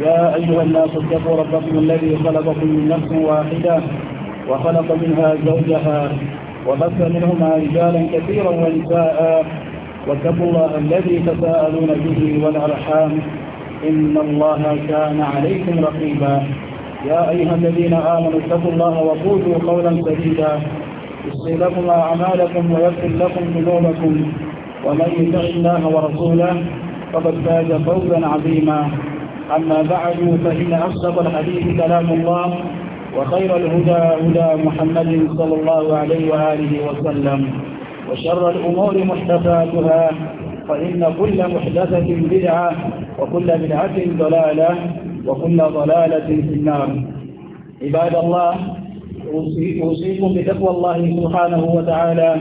يا أيها الناس اتقوا ربكم الذي خلقكم من نفس واحدة وخلق منها زوجها وبث منهما رجالا كثيرا ونساء واتقوا الله الذي تساءلون به والأرحام إن الله كان عليكم رقيبا يا أيها الذين آمنوا اتقوا الله وقولوا قولا سديدا يصلي لكم أعمالكم ويغفر لكم ذنوبكم ومن يتق الله ورسوله فقد فاز فوزا عظيما أما بعد فإن أصدق الحديث كلام الله وخير الهدى هدى محمد صلى الله عليه وآله وسلم وشر الأمور محدثاتها فإن كل محدثة بدعة وكل بدعة ضلالة وكل ضلالة في النار عباد الله أوصيكم بتقوى الله سبحانه وتعالى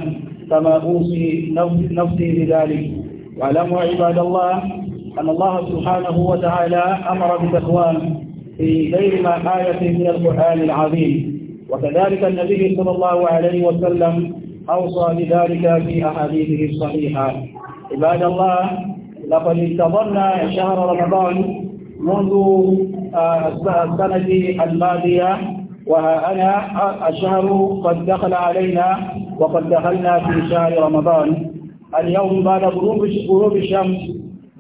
كما أوصي نفسي بذلك واعلموا عباد الله أن الله سبحانه وتعالى أمر بتكوان في غير ما آية من القرآن العظيم وكذلك النبي صلى الله عليه وسلم أوصى بذلك في أحاديثه الصحيحة عباد الله لقد انتظرنا شهر رمضان منذ آه، السنة الماضية أنا آه، الشهر قد دخل علينا وقد دخلنا في شهر رمضان اليوم بعد غروب الشمس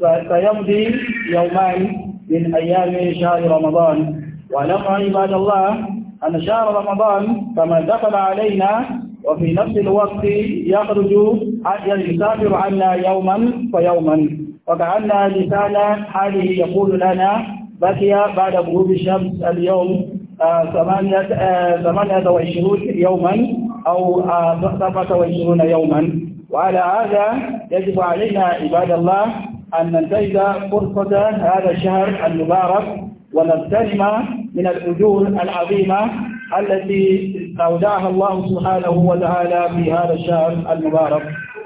فيمضي يومان من أيام شهر رمضان ولما عباد الله أن شهر رمضان كما دخل علينا وفي نفس الوقت يخرج يسافر عنا يوما فيوما وكأن لسان حاله يقول لنا بقي بعد غروب الشمس اليوم آه، ثمانية آه، ثمانية وعشرون يوما أو آه، سبعة وعشرون يوما وعلى هذا يجب علينا عباد الله أن ننتهز فرصة هذا الشهر المبارك ونغتنم من الأجور العظيمة التي أودعها الله سبحانه وتعالى في هذا الشهر المبارك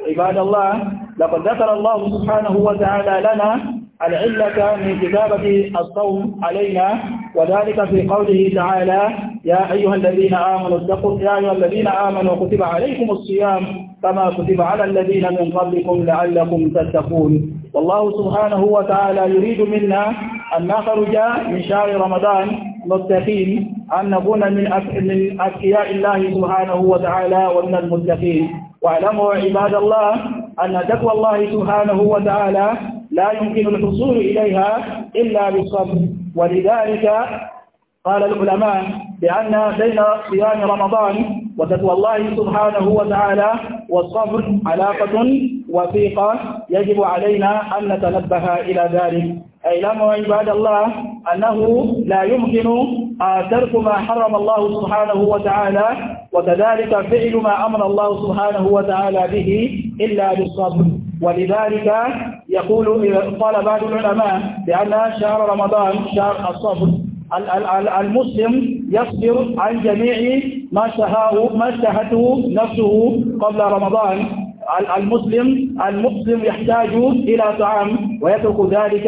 عباد الله لقد ذكر الله سبحانه وتعالى لنا العلة من كتابة الصوم علينا وذلك في قوله تعالى يا أيها الذين آمنوا اتقوا يا أيها الذين آمنوا كتب عليكم الصيام كما كتب على الذين من قبلكم لعلكم تتقون والله سبحانه وتعالى يريد منا أن نخرج من شهر رمضان متقين أن نكون من من أذكياء الله سبحانه وتعالى ومن المتقين واعلموا عباد الله أن تقوى الله سبحانه وتعالى لا يمكن الحصول إليها إلا بالصبر ولذلك قال العلماء بأن بين صيام رمضان وتقوى الله سبحانه وتعالى والصبر علاقة وثيقة يجب علينا أن نتنبه إلى ذلك اعلموا عباد الله أنه لا يمكن آه، ترك ما حرم الله سبحانه وتعالى وكذلك فعل ما أمر الله سبحانه وتعالى به إلا بالصبر ولذلك يقول قال بعض العلماء بأن شهر رمضان شهر الصبر المسلم يصبر عن جميع ما شهاه ما اشتهته نفسه قبل رمضان المسلم المسلم يحتاج إلى طعام ويترك ذلك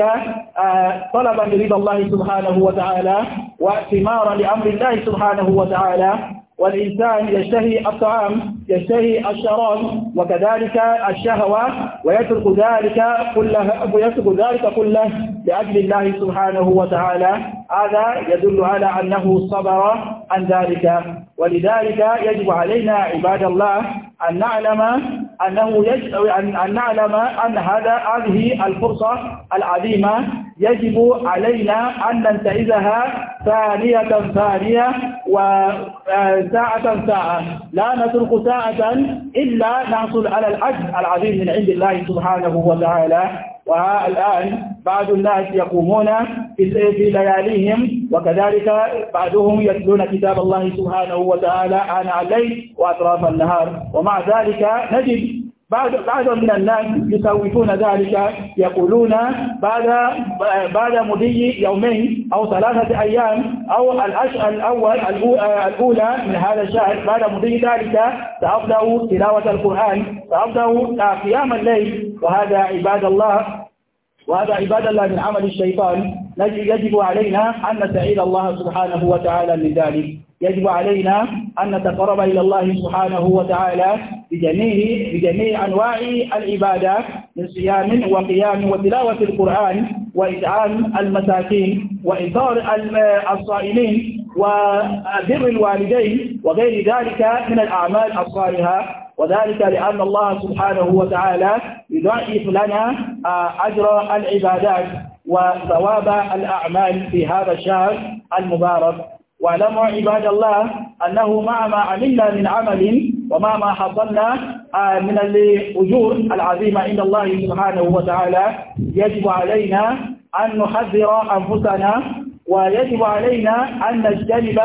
آه، طلبا لرضا الله سبحانه وتعالى واعتمارا لأمر الله سبحانه وتعالى والإنسان يشتهي الطعام يشتهي الشراب وكذلك الشهوة ويترك ذلك كله ويترك ذلك كله لأجل الله سبحانه وتعالى هذا يدل على أنه صبر عن ذلك ولذلك يجب علينا عباد الله أن نعلم أنه يجب أن نعلم أن هذا هذه الفرصة العظيمة يجب علينا أن ننتهزها ثانية ثانية وساعة آه، ساعة لا نترك ساعة إلا نحصل على الأجر العظيم من عند الله سبحانه وتعالى وها الآن بعض الناس يقومون في لياليهم وكذلك بعضهم يتلون كتاب الله سبحانه وتعالى آناء الليل وأطراف النهار ومع ذلك نجد بعض بعض من الناس يسوفون ذلك يقولون بعد بعد مضي يومين أو ثلاثة أيام أو الأشهر الأول الأولى من هذا الشهر بعد مضي ذلك سأبدأ تلاوة القرآن سأبدأ قيام الليل وهذا عباد الله وهذا عباد الله من عمل الشيطان يجب علينا أن نستعيذ الله سبحانه وتعالى لذلك يجب علينا أن نتقرب إلى الله سبحانه وتعالى بجميع, بجميع أنواع العبادات من صيام وقيام وتلاوة القرآن واذعان المساكين وإنصار الصائمين وبر الوالدين وغير ذلك من الأعمال الصالحة وذلك لأن الله سبحانه وتعالى يضعف لنا آه، أجر العبادات وثواب الأعمال في هذا الشهر المبارك واعلموا عباد الله أنه مع ما عملنا من عمل ومع ما حصلنا آه، من الأجور العظيمة عند الله سبحانه وتعالى يجب علينا أن نحذر أنفسنا ويجب علينا أن نجتنب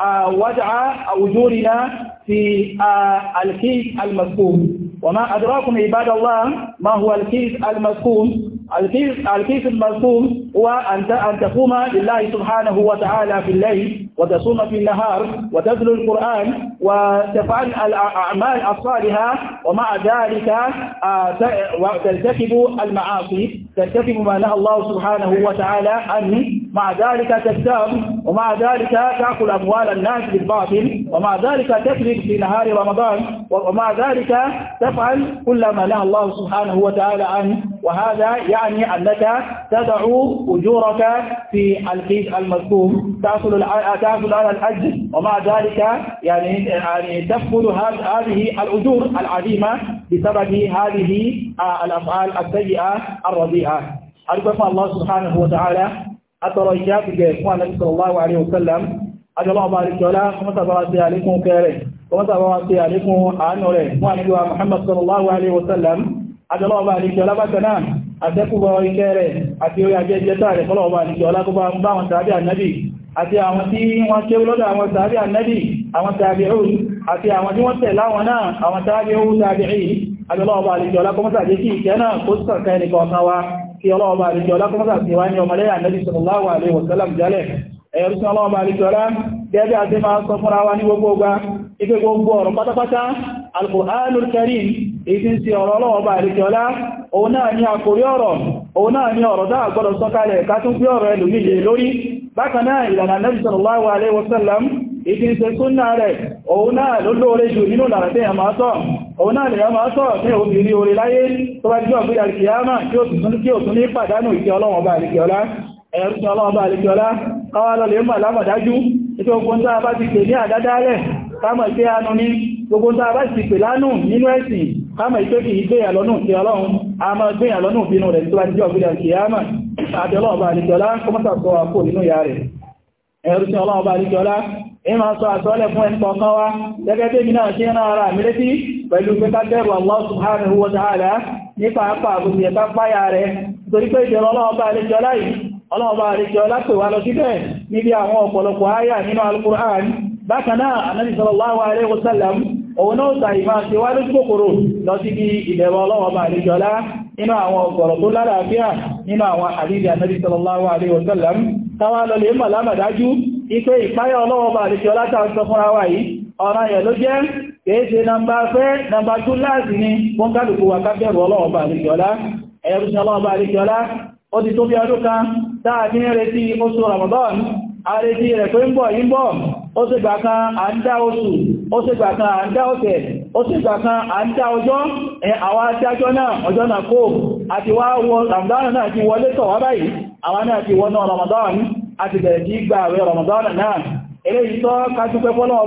آه، وضع أجورنا في آه، الكيس المذكور وما أدراكم عباد الله ما هو الكيس المذكوم الكيس, الكيس المذكوم هو أن أن تقوم لله سبحانه وتعالى في الليل وتصوم في النهار وتتلو القرآن وتفعل الأعمال الصالحة ومع ذلك آه، ترتكب المعاصي ترتكب ما نهى الله سبحانه وتعالى عنه ومع ذلك تشتام ومع ذلك تأكل أموال الناس بالباطل ومع ذلك تكذب في نهار رمضان ومع ذلك تفعل كل ما نهى الله سبحانه وتعالى عنه وهذا يعني أنك تدع أجورك في الحج المذكور تأكل تأكل على الحج ومع ذلك يعني يعني تفقد هذه الأجور العظيمة بسبب هذه آه، الأفعال السيئة الرديئة أرجو الله سبحانه وتعالى atọrọ ìṣẹ́ àpìgẹ̀ fún àlẹ́sọ̀lọ́wà àrí òkèlèm ajọ́lọ́ọ̀bá àríkọ́lá kọmọ́sàbára sí àlékún kẹrẹ kọmọ́sàbára sí àlékún àánú rẹ̀ fún àníbíwá Muhammad sallallahu alaihi wasallam ajọ́lọ́ọ̀bá àríkọ́lá bákaná àtẹ́kùbọ̀ ikẹ́ rẹ̀ àti orí ajẹ́jẹta rẹ̀ fọ́lọ̀ọ̀bá àríkọ́lá kó bá ń bá wọn tàbí ànábì àti àwọn tí wọ́n kéwú lọ́dọ̀ àwọn tàbí ànábì àwọn tàbí òun àti àwọn tí wọ́n tẹ̀ láwọn náà àwọn tàbí òun tàbí rí ajọ́lọ́ọ̀bá àríkọ́lá kọmọ́sàdé sí ìkẹ́ náà kó sọ̀kẹ́ nìkan wa kí ọlọ́ọ̀bá àríkẹ́ ọlá kọ́mọ́sà ti wá ní ọmọlẹ́yà nẹ́bí sallallahu alaihi wasallam jálẹ̀ ẹ̀yọ̀rí sí ọlọ́ọ̀bá àríkẹ́ ọlá gẹ́gẹ́ àti máa sọ fúnra wa ní gbogbo ọgbà ike gbogbo ọ̀rọ̀ pátápátá al-Qur'anul Karim ìdí sí ọ̀rọ̀ ọlọ́ọ̀bá àríkẹ́ ọlá òun náà ni àkórí ọ̀rọ̀ òun náà ni ọ̀rọ̀ dáa ìdí ṣe súnnà rẹ̀ òun náà ló lóore jù nínú làrẹ̀tẹ́ àmà sọ òun náà lè àmà sọ ní obìnrin orí láyé tó bá jọ gbíyà kìyàmà kí ó tún ní pàdánù ìkẹ́ ọlọ́wọ̀n bá àríkẹ́ọlá ẹ̀rùn ọlọ́wọ̀n bá àríkẹ́ọlá káwàlọ́ lè mọ̀ lámọ̀dájú ìtò ogun tó bá ti pè ní àdádálẹ̀ kámọ̀ ìpé anú ní gbogbo tó bá ti pè lánù nínú ẹ̀sìn kámọ̀ ìpé kìí gbéyà lọ́nù sí ọlọ́run a mọ́ gbéyà lọ́nù bínú rẹ̀ tó bá ti jọ gbíyà kìyàmà àti ọlọ́ọ̀bà àríkẹ́ọlá kọmọ́sàkọ́ àpò nínú ìyá rẹ̀ ẹ̀rù tí ọlọ́wọ́ bá ríkẹ́ ọlá ìmá sọ àsọ́lẹ̀ fún ẹni kọ̀ọ̀kan wá gẹ́gẹ́ tí mi náà ṣe rán ara mi létí pẹ̀lú pé ká bẹ̀rù Allah subhanahu wa ta'ala nípa apá àbúrú ẹ̀ká páyà rẹ̀ torí pé ìjọba ọlọ́wọ́ bá ríkẹ́ ọlá yìí ọlọ́wọ́ bá ríkẹ́ ọlá pè wá lọ síbẹ̀ níbi àwọn ọ̀pọ̀lọpọ̀ áyà nínú al-Qur'an bákan náà anábi sallallahu alaihi wasallam òun náà tàí máa ṣe wá lójú kòkòrò lọ sí tàwà lọ lè mọ̀ lámàdájú ipé ìpáyà ọlọ́wọ́ bá àdíkẹ́ ọlátà ń sọ fúnra wà yìí ọ̀rọ̀ yẹ̀ ló jẹ́ kèése nàmbà fẹ́ nàmbà tó láàzì ní wọ́n kálùkù wà kábẹ̀rù ọlọ́wọ́ bá ó sì gbàkan à ń dá ọjọ́ ẹ àwọn na náà ọjọ́ náà kó àti wá wọ Ramadan náà ti wọlé tọ̀ báyìí àwọn náà ti na Ramadan àti bẹ̀rẹ̀ sí gbà àwẹ̀ Ramadan náà eléyìí tọ́ kájúpẹ́ fọ́lọ́wọ́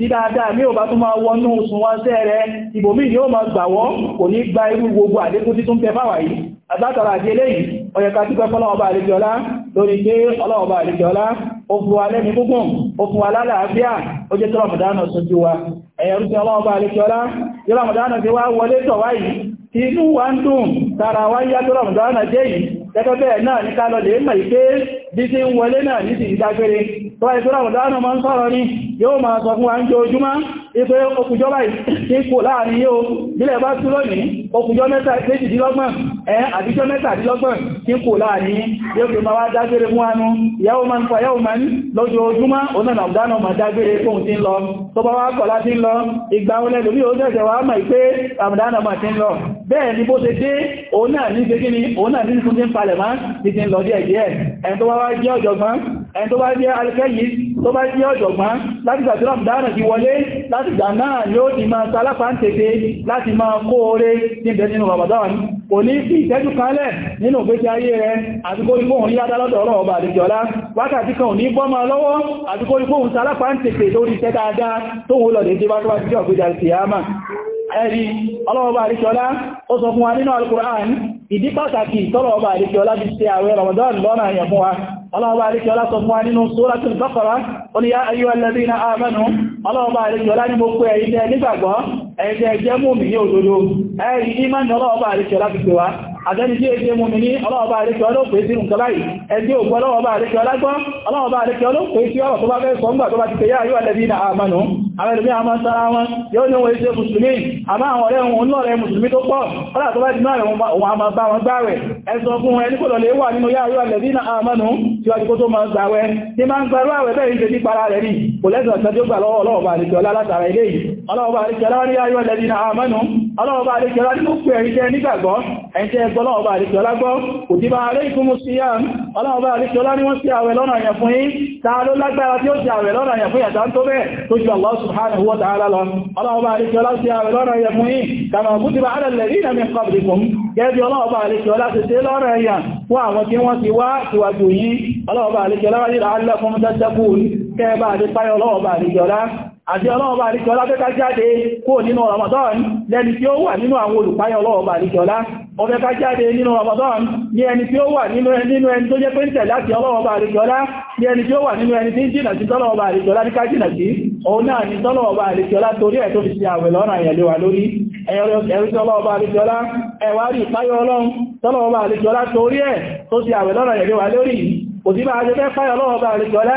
tí dáadáa ní ọba tó máa wọnú sùn wá sẹ́ rẹ̀ ìbòmí ni ó máa gbàwọ́ kò ní gba irú gbogbo àlékún títún tẹ fáwà yìí àtàtàrà àti eléyìí ọ̀yẹ̀ká tí àlejọ́lá lórí pé àlejọ́lá ti wá wa tara wá yá tọ́rọmọ̀dánà jẹ́ yìí gẹ́gẹ́ bẹ́ẹ̀ náà bí tí ń wọlé náà ní ti ìdágbére tó wáyé tó ráwọ̀ dáánà máa ń sọ̀rọ̀ ní yóò máa sọ fún wa ń jẹ ojúmá ipé okùnjọ́ báyìí tí kò láàrin yóò bílẹ̀ bá tú lónìí okùnjọ́ mẹ́ta méjìdínlọ́gbọ̀n ẹ̀ àbíjọ́ mẹ́tàdínlọ́gbọ̀n tí kò láàrin yóò fi máa wá dágbére fún anú yàwó máa ń fa yàwó máa ń lójoojúmọ́ onáà dáánà máa dágbére fún ti ń lọ tó bá wá kọ̀ láti ń lọ ìgbà wọn lẹ́lòmí ó tẹ̀sẹ̀ wá mọ̀ pé àmàdánà máa ti ń lọ bẹ́ẹ̀ ni bó ṣe dé òun náà ní ṣe kí ni òun náà ní ṣe fún ti ń palẹ̀ máa ti ti ń lọ díẹ̀ díẹ̀ ẹni tó wá wá jẹ́ ọ̀jọ̀gbọ́n ẹni tó bá jẹ́ alìkẹ́yìí tó bá jẹ́ ọ̀jọ̀gbọ́n láti ìgbàtíwàmù dáàrà ti wọlé láti ìgbà náà ni ó ti máa sálápá ń tètè láti máa kó oré níbẹ̀ nínú Ramadan kò ní sí ìtẹ́jú kalẹ̀ nínú ògbésí ayé rẹ̀ àtikóríkóhùn ní adálọ́dọ̀ ọ̀rọ̀ ọba àdìjọ́lá wákàtí kan ò ní bọ́mọ lọ́wọ́ àtikóríkóhùn sálápá ń tètè lórí iṣẹ́ dáadáa tó wọ́n lọ lè dé bá tó bá ti jẹ́ ọ̀gbẹ́jà sí àmà ẹ̀rí ọlọ́wọ́ bá àdìjọ́lá ó sọ fún wa nínú Al-Qur'an ìdí pàtàkì ìtọ́lọ̀ ọba àríkẹ́ ọlá bí ṣe àwẹ́ Ramadan lọ́nà àyàn fún wa ọlọ́ọba àríkẹ́ ọlá sọ fún wa nínú Suratul Baqara ó ní yá ayyuhal ladhina amanu ọlọ́ọba àríkẹ́ ọlá ní mo pé ẹ̀yin tẹ́ nígbàgbọ́ ẹ̀yin tẹ́ jẹ́ mùmínì òdodo ẹ̀yin ní máa ń ọlọ́ọba àríkẹ́ ọlá fi pè wá àtẹni tí èdè mùmínì ọlọ́ọba àríkẹ́ ọlọ́pẹ́ sí nǹkan báyìí ẹ̀dí ògbọ́ ọlọ́ọba àríkẹ́ ọlágbọ́n ọlọ́ọba àríkẹ́ ọlọ́pẹ́ sí ọ̀rọ̀ tó bá fẹ́ àwọn ẹlùmí àwọn sára wọn yóò ní wọ́n ṣe mùsùlùmí àmá àwọn ọ̀rẹ́ òun lọ́rẹ̀ mùsùlùmí tó pọ̀ ọlá tó bá ti náà bá wọn gbáwẹ̀ ẹ̀sọ fún ẹni kò lọlẹ̀ wà nínú yáà yóò lẹ̀dí na àmọ́nù tí wájú kó tó máa gbàwẹ̀ tí máa ń gbàrú àwẹ̀ bẹ́ẹ̀ ìṣẹ́ nípara rẹ̀ ní kò lẹ́sọ̀ ọlọ́ọ̀bá àríkẹ́lá ní gbogbo ẹ̀ríkẹ́ nígbàgbọ́ ẹ̀ntẹ́ ẹgbọ́ ọlọ́ọ̀bá àríkẹ́lá gbọ́ kò tí bá rẹ̀ ìkúmú sí yàm ọlọ́ọ̀bá àríkẹ́lá ní wọ́n sí àwẹ̀ lọ́nà àyàn fún yí ta ló lágbára tí ó sí àwẹ̀ lọ́nà àyàn fún yàtà tó bẹ́ẹ̀ tó ju Allah subhanahu wa ta'ala lọ ọlọ́ọ̀bá àríkẹ́lá sí àwẹ̀ lọ́nà àyàn fún yí kama kutiba ala alladhina min qablikum gẹ́bí ọlọ́ọ̀bá àríkẹ́lá ti ṣe lọ́nà àyàn fún àwọn tí wọ́n ti wá síwájú yí ọlọ́ọ̀bá àríkẹ́lá wáyé la'allakum tattaqun kẹ́ẹ̀bá àti páyọ̀ ọlọ́ọ̀bá àríkẹ́lá àti ọlọ́ọ̀bà àríkọlá fẹ́ ká jáde kó nínú Ramadan lẹ́ni tí ó wà nínú àwọn olùpáyà ọlọ́ọ̀bà àríkọlá ó fẹ́ ká jáde nínú Ramadan ní ẹni tí ó wà nínú ẹni tó jẹ́ pé ń tẹ̀ láti ọlọ́ọ̀bà àríkọlá ní ẹni tí ó wà nínú ẹni tí ń jìnà sí tọ́lọ̀ọ̀bà àríkọlá ní ká jìnà sí òun náà ni tọ́lọ̀ọ̀bà àríkọlá torí ẹ̀ tó fi ṣe àwẹ̀ lọ́rọ̀ àyẹ̀lẹ́ wa lórí ẹ̀rí tọ́lọ̀ọ̀bà àríkọlá ẹ̀wà rí ìpáyọ̀ ọlọ́run tọ́lọ̀ọ̀bà àríkọlá torí ẹ̀ tó ṣe àwẹ̀ lọ́rọ̀ àyẹ̀lẹ́ wa lórí òsì bá a ṣe fẹ́ fáyọ̀ ọlọ́ọ̀bà àríkọlá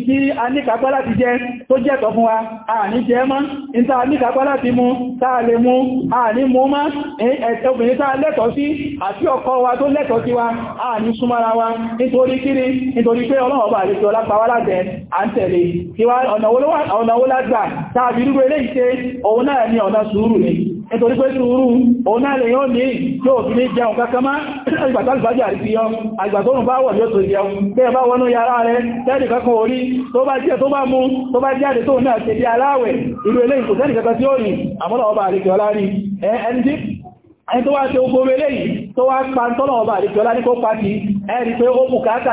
tí a ní kàpá láti jẹ tó jẹ́tọ̀ fún wa a ní jẹ mọ́ in tá a ní kàpá láti mú táà lè mú a ní mú mọ́ ẹ̀tẹ́ obìnrin táà lẹ́tọ̀ sí àti ọkọ wa tó lẹ́tọ̀ sí wa a ní súnmọ́ra wa nítorí kíni nítorí pé ọlọ́ọ̀bà àlejò ọlápàá láti à ń tẹ̀lé ọ̀nà wo lágbà táà fi rúgbẹ́ nítorí pé ṣúurú òun náà lè yóò ní yóò fi ní jẹun kákamá àgbàtàlùfàjà àti yọ àgbàtọ́nù bá wọ̀ yóò tó jẹun bẹ́ẹ̀ bá wọnú yàrá rẹ̀ tẹ́lì kankan orí tó bá jẹ́ tó bá mú tó bá jáde tó náà ṣe bí aláwẹ̀ irú eléyìn kò tẹ́lì kankan tí ó rìn àmọ́lọ̀ ọba àríkẹ́ ọlá rí ẹni ẹni tó wá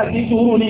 ṣe ni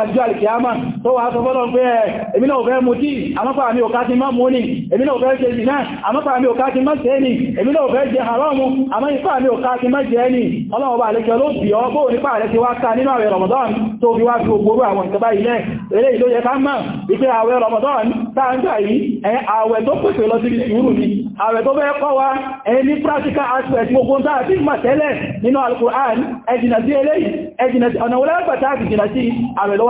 bá jíjọ́ alìkìyàmá tó wà sọ fọ́lọ́ pé èmi náà fẹ́ mú tí àmọ́pàá mi ò ká ti má mú ní èmi náà fẹ́ ṣe ìdìná àmọ́pàá mi ò ká ti má ṣe ní èmi náà fẹ́ jẹ haramu àmọ́ mi ò ká ti má jẹ ní ọlọ́wọ́ bá alẹ́kẹ́ ló bì ọ́ bóò nípa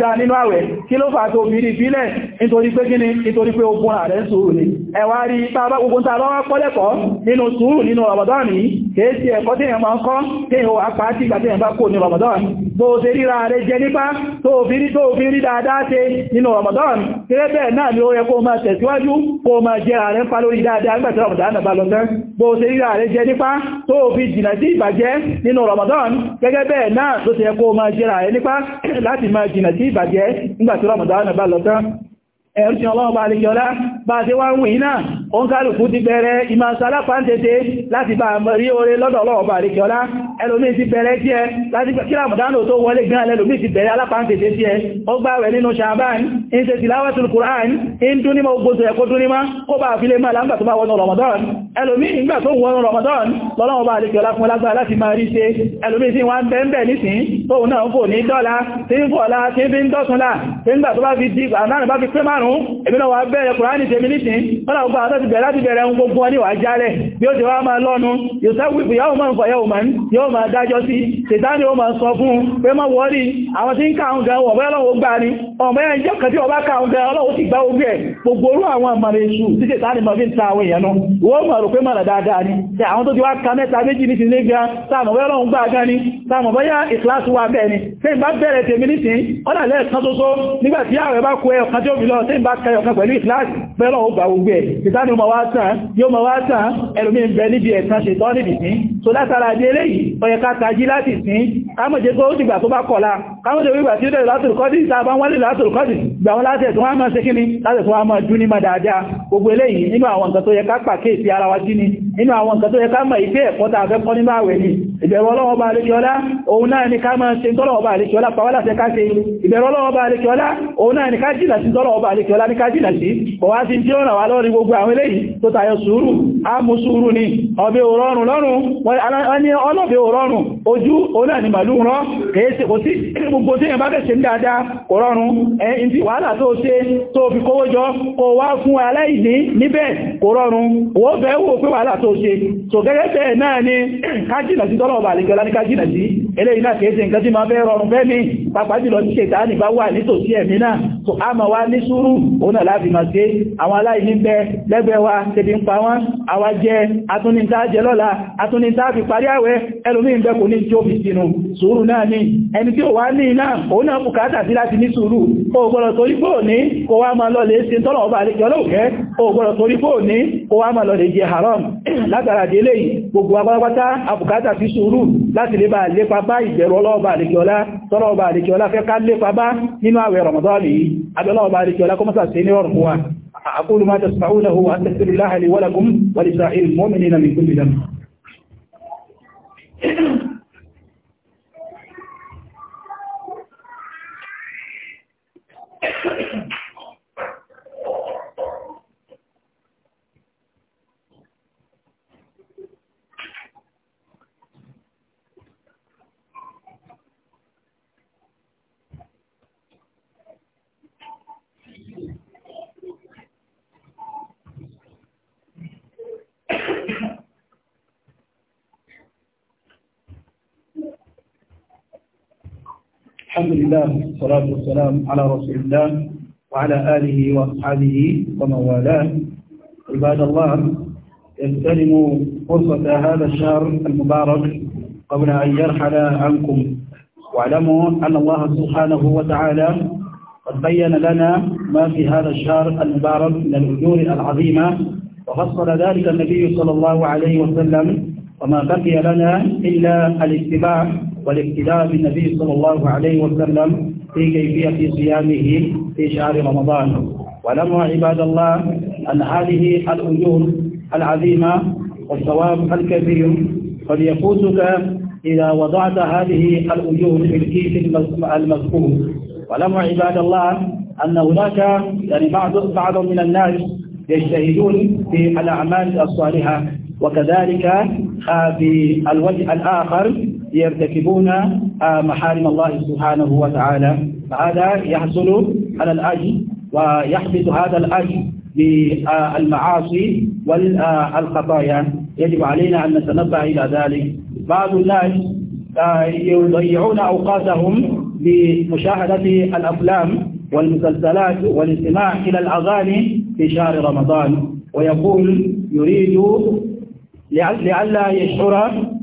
dá nínú àwẹ̀ kí ló fà tó bìí ìfilẹ̀ nítorí pé kíni nítorí pé ogun ààrẹ ń sùúrù ní ẹwà rí tàbá ogun tàbá wá nínú sùúrù nínú Ramadan ní ẹ̀kọ́ tí èèyàn kọ́ tí èèyàn wà pa tí kò ní Ramadan láti máa jìnà sí ìbàjẹ́ nígbàtí Ramadan bá lọ tán ẹ̀rùsìn ọlọ́run bá lè yọlá bá ti wá ń wìn náà o ń kálùkù ti bẹ̀rẹ̀ ìmọ̀sálá pàǹtẹ̀tẹ̀ láti bá rí oore lọ́dọ̀ ọlọ́run bá lè yọlá ẹlòmí ti bẹ̀rẹ̀ tí ẹ láti kíra in ṣe tìláwàtù kùrán in dúnímọ̀ gbogbo ẹ̀kọ́ dúnímọ̀ kó bá ramadan ẹlòmí ìgbà tó wọnú ramadan lọ́lọ́wọ́ bá lè yọlá fún lágbà láti máa rí ṣe ẹlòmí tí wọ́n bẹ́ẹ̀ nísìn tóun náà ń fò ní dọ́là tí ń fò ọ̀la tí márùn-ún ẹ̀mìnà wà bẹ̀rẹ̀ kùránì tèmi nìsìn ọ́nà ọgbà àtọ́ ti bẹ̀rẹ̀ láti bẹ̀rẹ̀ ń gbogbo ní wà jálẹ̀ bí ó ti wá máa lọ́nu yóò sáwìpù yàwó máa ń fọ̀ yàwó máa ń yóò máa dájọ́ sí tètàní ó máa sọ fún pé má wọ́rí àwọn tí ń ká àwọn gan ọ̀bẹ́ ọlọ́wọ́ gbà ní ọ̀bẹ́ ẹjọ́ kan tí ọba ká àwọn gan ọlọ́wọ́ ti gbá ogbé ẹ̀ gbogbo orú àwọn àmàrẹ̀ èṣù tí tètàní máa fi ń ta àwọn èèyàn nù wọ́n máa rò pé màrà dáadáa ni tẹ àwọn tó ti wá ka mẹ́ta méjì ní ti ní gan sáàmù bẹ́ ọlọ́run gbà gan ni sáàmù bọ́yá ìkìláàsì wà bẹ́ẹ̀ ni tẹ́ ìbá bẹ̀rẹ̀ tèmi nìsín ọ̀nà lẹ́ẹ̀kan tó tó nígbàtí ààrẹ bá kó ẹ̀ ọ̀kan tí ó fi lọ́ọ̀ tí ń bá kẹyọ̀kan pẹ̀lú ìsìláàsì pẹ́lọ̀ ó bá gbogbo ẹ̀ ìtàní ma wá tàn yóò ma wá tàn ẹlòmí ń bẹ níbi ẹ̀tàn ṣètọ́ níbi sí so látara adé eléyìí ọyẹ ká tají láti sí kámọ̀jẹ́ tó dìgbà tó bá kọ̀lá kámọ̀jẹ́ wígbà tí ó dẹ̀rẹ̀ látòrò kọ́dì ìta bá wọ́n lè látòrò kọ́dì gbà wọn láti ẹ̀tún wọn máa ṣe kíni láti fún wọn máa dún ni nínú àwọn nǹkan tó yẹ kọ́ ni ìbẹ̀rù ọlọ́wọ́ bá lè kíọlá òun náà ni ká máa ṣe tọ́lọ́wọ́ ni ká jìnà sí tọ́lọ́wọ́ àríkẹ́ ọlá ní kájìnà sí bọ̀wá sí tí ó ràn wá lọ́rin gbogbo àwọn eléyìí tó tayọ sùúrù a mú sùúrù ni ọbẹ̀ òrọ̀rùn lọ́rùn wọ́n ní ọlọ́bẹ̀ òrọ̀rùn ojú oná ni màlú rán kèése kò sí gbogbo tí yẹn bá fẹ́ ṣe ń dáadáa kò rọrùn ẹ̀yìn tí wàhálà tó ṣe tó fi kówó jọ kó wá fún aláìní níbẹ̀ kò rọrùn owó bẹ́ẹ̀ wò pé wàhálà ni kájìnà sí tọ́lọ̀ bà lẹ́gbẹ̀ọ́lá ní kájìnà sí sùúrù òun náà láti máa ṣe àwọn aláìní bẹ lẹ́gbẹ̀ẹ́ wa tẹbí ń pa wọ́n àwa jẹ atúnintá jẹ lọ́la atúnintá fi parí àwẹ̀ ẹlòmí ń bẹ kò ní tí ó fi sínú sùúrù náà ni ẹni tí ó wá ní iná òun náà bùkátà sí láti ní sùúrù ó gbọ́dọ̀ torí pò ní kó wá máa lọ lè ṣe tọ́lọ̀ kó wá mà lọ́dẹ̀ jẹ haram látara délé gbogbo agbápátá àbùkátà fi sùúrù láti lè bá lépa bá ìbẹ̀rù ọlọ́ọ̀bà àdìkíọlá tọ́lọ́ọ̀bà àdìkíọlá fẹ́ ká lépa bá nínú àwẹ̀ أقول ما تسمعونه وأستغفر الله لي ولكم ولسائر المؤمنين من Thank you. الحمد لله والصلاة والسلام على رسول الله وعلى آله وأصحابه ومن والاه عباد الله اغتنموا فرصة هذا الشهر المبارك قبل أن يرحل عنكم واعلموا أن الله سبحانه وتعالى قد بين لنا ما في هذا الشهر المبارك من الأجور العظيمة وفصل ذلك النبي صلى الله عليه وسلم وما بقي لنا إلا الاتباع والاقتداء بالنبي صلى الله عليه وسلم في كيفية صيامه في شهر رمضان ولما عباد الله أن هذه الأجور العظيمة والثواب الكبير قد يفوتك إذا وضعت هذه الأجور في الكيس المذكور ولما عباد الله أن هناك يعني بعض بعض من الناس يجتهدون في الأعمال الصالحة وكذلك في الوجه الآخر يرتكبون آه، محارم الله سبحانه وتعالى فهذا يحصل على الأجل ويحبط هذا الأجل بالمعاصي والخطايا يجب علينا أن نتنبه إلى ذلك بعض الناس آه، يضيعون أوقاتهم بمشاهدة الأفلام والمسلسلات والاستماع إلى الأغاني في شهر رمضان ويقول يريد لئلا يشعر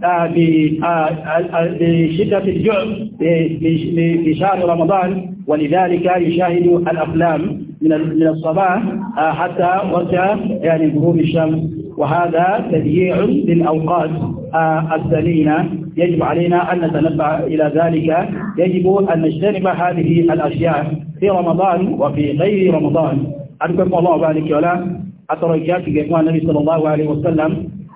آه، آه، بشدة الجوع في شهر رمضان ولذلك يشاهد الأفلام من الصباح آه، حتى وقت يعني غروب الشمس وهذا تضييع للأوقات الثمينة يجب علينا أن نتنبه إلى ذلك يجب أن نجتنب هذه الأشياء في رمضان وفي غير رمضان أذكركم الله بارك ولا أتركات جمع النبي صلى الله عليه وسلم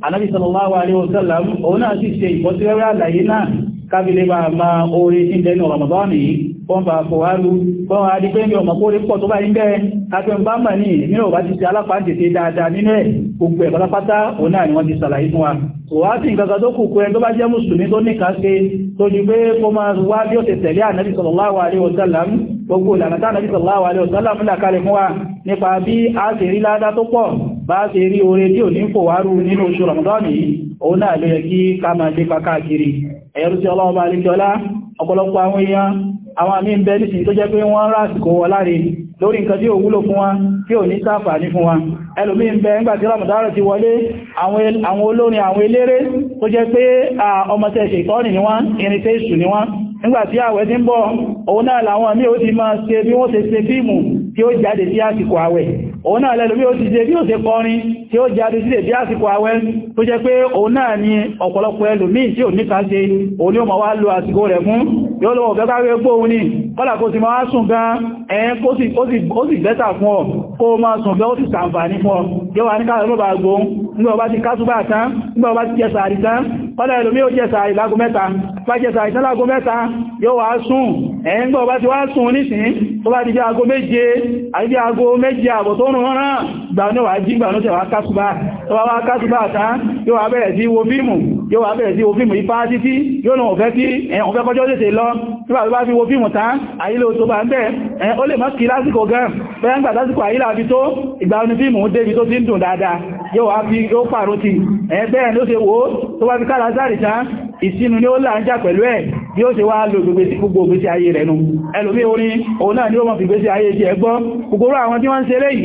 anábì sallallahu alaihi wasallam òun náà sì ṣe ìfọ́síwẹ́wẹ́ àlàyé náà kábílẹ̀ bá máa oore sí ìdẹ́nu Ramadan yìí bọ́m̀bà àpòwárú bọ́m̀bà adìgbẹ́mì ọmọ kó rí pọ̀ tó bá ń bẹ́ẹ̀ agbẹ̀mbámà ní nínú ọ̀bá ti ti alápàá tètè dáadáa nínú ẹ̀ gbogbo ẹ̀ pátápátá òun náà ni wọ́n ti sàlàyé fún wa kò wá sí nǹkan tó kù ẹni tó bá jẹ́ wa nípa bí a ṣe rí ládá tó pọ̀ bá ṣe rí oore tí ò ní kò wárú nínú oṣù Ramadan yìí òun náà ló kí ká máa àwọn àmì ń bẹ nìsìn tó jẹ́ pé wọ́n rásìkò wọ láre lórí nǹkan tí ò wúlò fún wa tí ò ní sáfà ní fún wa ẹlòmí ń bẹ ramadara ti wọlé àwọn olórin àwọn eléré tó jẹ́ pé ọmọtẹ́ ṣètọ́nì ni wọ́n irinṣẹ́ ìṣù ni wọ́n nígbàtí àwẹ̀ ti ń bọ̀ òun náà làwọn mí ó ti tí ó jáde sí àsìkò àwẹ̀ òun náà lẹ́lùmí ó ti jẹ bí ó ṣe kọrin tí ó jáde sílẹ̀ bí àsìkò àwẹ̀ tó jẹ́ pé òun náà ni ọ̀pọ̀lọpọ̀ ẹlùmí tí ò níta ṣe òun ni ó ma wá lo àsìkò rẹ̀ fún yóò lọ́wọ́ gẹ́gẹ́ gbóhun ni kọ́lá kó ti máa sùn gan ẹ̀yẹn kó sì bẹ́ta fún ọ kó máa sùn bẹ́ ó sì sàǹfàní fún ọ yóò wà ní káàkiri ló bá gbóhun ní ẹ̀yìngbọ́ bá ti wá sùn nísìn tó bá ti jẹ́ aago méje àìjẹ́ aago méje àbọ̀ tó rùn rán gbà ní wà jí gbà ní tẹ̀wà kásùbà tó bá wá kásùbà tán yóò wá bẹ̀rẹ̀ sí wo fíìmù yóò wá bẹ̀rẹ̀ sí wo fíìmù ipá títí yóò náà fẹ́ kí ẹ̀hùn fẹ́ kọjọ́ tètè lọ tí bàbá bá fi wo fíìmù tán àyílò tó bá ń bẹ̀ ẹ̀ ó lè mọ́ kí lásìkò gan bẹ́ẹ̀ ń gbà lásìkò àyílà fi tó ìgbà oní fíìmù débi tó ti ń dùn dáadáa yóò wá fi yóò pàrọ̀ ti ẹ̀ bẹ́ẹ̀ ló ìsinu ni ó láàájá pẹ̀lú ẹ̀ bí ó ṣe wá lò gbogbo gbèsè ayé rẹ̀ nù ẹlòmí orin òun náà ni ó mọ̀ fi gbèsè ayé jẹ́ gbọ́ gbogbo àwọn tí wọ́n ń ṣe lẹ́yìn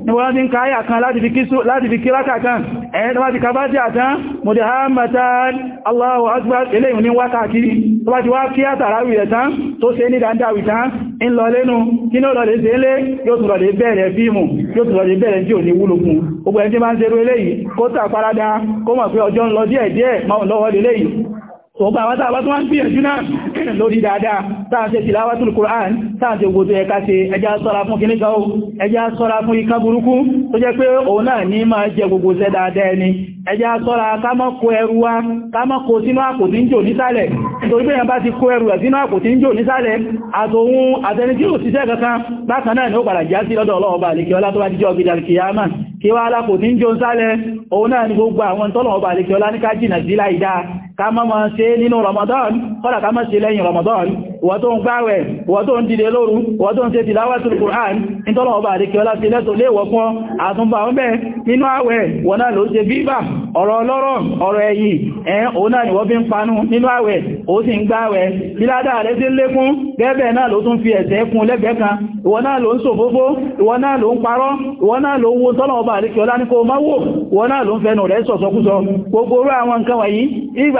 wọ́n ní káyà kan láti fi kíráka kan ẹ̀yẹn tó bá ti kàbá jẹ́ àtán mudahammatan Allahu akbar ilé ìwọ̀n ní wákàkiri tó bá ti kí ní dáńdáwì ṣe lé yóò tún lọ́dẹ̀ bẹ̀rẹ̀ fíìmù yóò tún lọ́dẹ̀ bẹ̀rẹ̀ tí ò ní wúlò fún gbogbo ẹni máa ń eléyìí kó parada kó mọ̀ pé ọjọ́ ń lọ tó bá wátà wá tó wá ń gbìyànjú náà lórí dáadáa táà ṣe tilawatul Qur'an táà ṣe gbogbo ẹka ṣe ẹjá sọ́ra fún kìníkà ó ẹjá sọ́ra fún ikán burúkú tó jẹ́ pé òun náà ní máa jẹ gbogbo ṣẹ́ dáadáa ẹni ẹjá sọ́ra kámọ́kó ẹrù wa kámọ́kó sínú àpò tí ń jò nísàlẹ̀ nítorí pé èèyàn bá ti kó ẹrù ẹ̀ sínú àpò tí ń jò nísàlẹ̀ àtòun àtẹni tí ó ṣiṣẹ́ kankan bákan náà ni ó padà já lọ́dọ̀ ọlọ́ọ̀bà ká má máa ṣe nínú Ramadan kọ́lá ká má ṣe lẹ́yìn Ramadan ìwọ tó ń gbáwẹ̀ ìwọ tó ń dìde lóru ìwọ tó ń ṣe tìláwàtìlù Qur'an nítọ́lọ̀ ọba àdíkẹ́ ọlá sí lẹ́tọ̀ léèwọ̀ fún àtúnbà ọmọ nínú àwẹ̀ wọ́n náà ló ṣe bíbà ọ̀rọ̀ ọlọ́rọ̀ ọ̀rọ̀ ẹ̀yìn ẹ̀ òun náà ni wọ́n fi ń panú nínú àwẹ̀ ó sì ń gbáwẹ̀ bíládà rẹ̀ sí lékún gẹ́bẹ̀ náà ló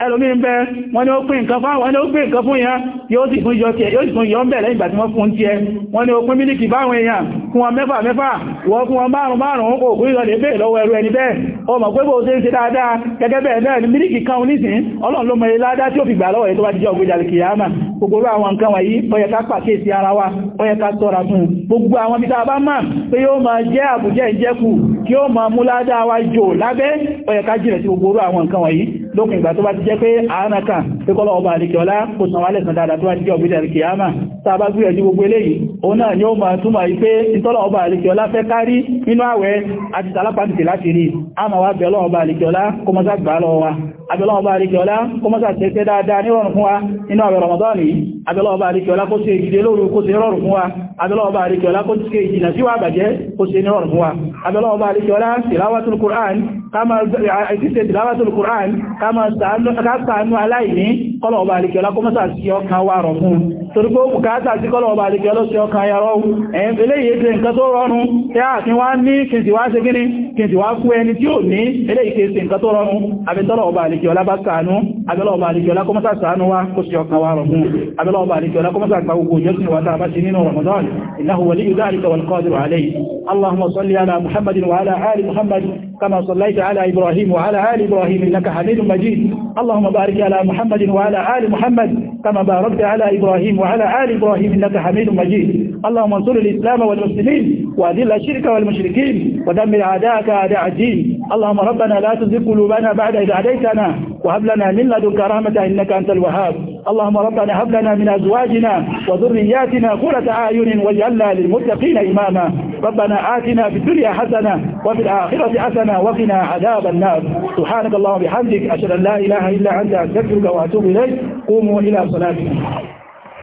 ẹlòmí ń bẹ wọ́n ni ó pín nǹkan fún àwọn ni ó pín nǹkan fún ìyá yóò sì fún yọ́kẹ̀ yóò sì fún yọ́ bẹ̀rẹ̀ ìgbà tí wọ́n fún jẹ wọ́n ni ó pín mílìkì báwọn èèyàn fún wọn mẹ́fà mẹ́fà wọ́n fún wọn márùn márùn òkú ìrọ̀lẹ̀ bẹ́ẹ̀ lọ́wọ́ ẹrú ẹni bẹ́ẹ̀ o mọ̀ pé bó ṣe ń ṣe dáadáa gẹ́gẹ́ bẹ́ẹ̀ náà ni mílìkì kan nísìn ọlọ́run ló mọ ilé ládá tí ó fi gbà lọ́wọ́ ẹ̀ tó bá ti jẹ́ ògbéjà lè kìyàmà gbogbo àwọn nǹkan wọ̀nyí ó yẹ ká pàkíyèsí ara wa ó yẹ ká ṣọ́ra fún gbogbo àwọn bí ta bá mọ̀ pé yóò máa jẹ́ àbùjẹ́ ìjẹ́kù kí ó máa mú ládá wa jò lábẹ́ ó yẹ ká jìnà sí gbogbo àwọn nǹkan wọ̀nyí lókùn ìgbà tó bá ti jẹ́ pé àánà kan pé kọ́lọ̀ ọba àríkẹ́ ọlá kò sanwálẹ̀ sàn dáadáa tó bá ti jẹ́ ọ̀gbẹ́dẹ̀ àríkẹ́ àmà tàbá gbé ẹ̀jú gbogbo eléyìí òun náà ni ó máa túnmà ipé ìtọ́lọ̀ ọba àlìkíọlá fẹ́ kárí nínú àwẹ̀ àti tàlápàtìtì láti rí a máa wá bẹ̀lọ́ ọba àlìkíọlá kó wa abẹ̀lọ́ ọba àlìkíọlá kó mọ́sá tẹ́tẹ́ dáadáa wa nínú àwẹ̀ Ramadan yìí abẹ́lọ́ ọba àríkẹ̀ọ́lá kó ṣe ìdílé lóru kó ṣe rọrùn fún wa abẹ́lọ́ ọba àríkẹ̀ọ́lá kó ṣe ìjìnà sí wà bàjẹ́ kó ṣe rọrùn fún wa abẹ́lọ́ ọba àríkẹ̀ọ́lá tìláwàtún Kùrán ká máa sàánú aláìní kọ́lọ̀ ọba àríkẹ̀ọ́lá kó mọ́sà sí ọkàn wa rọ̀ fún torí pé ó bùkátà sí kọ́lọ̀ ọba àdìkẹ́ ló ṣe ọkà ayarọ́ ohun ẹ̀yìn eléyìí tẹ nǹkan tó rọrùn tẹ́ àfin wá ní kìntì wá ṣe gíní kìntì wá fún ẹni tí ò ní eléyìí tẹ nǹkan tó rọrùn abẹ́tọ́lọ̀ ọba àdìkẹ́ ọlá bá sàánú abẹ́lọ̀ ọba àdìkẹ́ ọlá kọmọ́sà sàánú wá kó ṣe ọkà wá rọ̀gún abẹ́lọ̀ ọba àdìkẹ́ ọlá kọmọ́sà gba gbogbo ìjọsìn wa tàbá sí nínú Ramadan innahu waliyu dhalika wal qadiru alayhi allahumma salli ala muhammadin wa ala ali muhammad كما صليت على إبراهيم وعلى آل إبراهيم إنك حميد مجيد اللهم بارك على محمد وعلى آل محمد كما باركت على إبراهيم وعلى آل إبراهيم إنك حميد مجيد اللهم انصر الإسلام والمسلمين وأذل الشرك والمشركين ودمر أعداءك أعداء الدين اللهم ربنا لا تزغ قلوبنا بعد إذ هديتنا وهب لنا من لدنك رحمة إنك أنت الوهاب اللهم ربنا هب لنا من أزواجنا وذرياتنا قرة أعين واجعلنا للمتقين إماما ربنا آتنا في الدنيا حسنة وفي الآخرة حسنة وقنا عذاب النار سبحانك اللهم وبحمدك أشهد أن لا إله إلا أنت أستغفرك وأتوب إليك قوموا إلى صلاتكم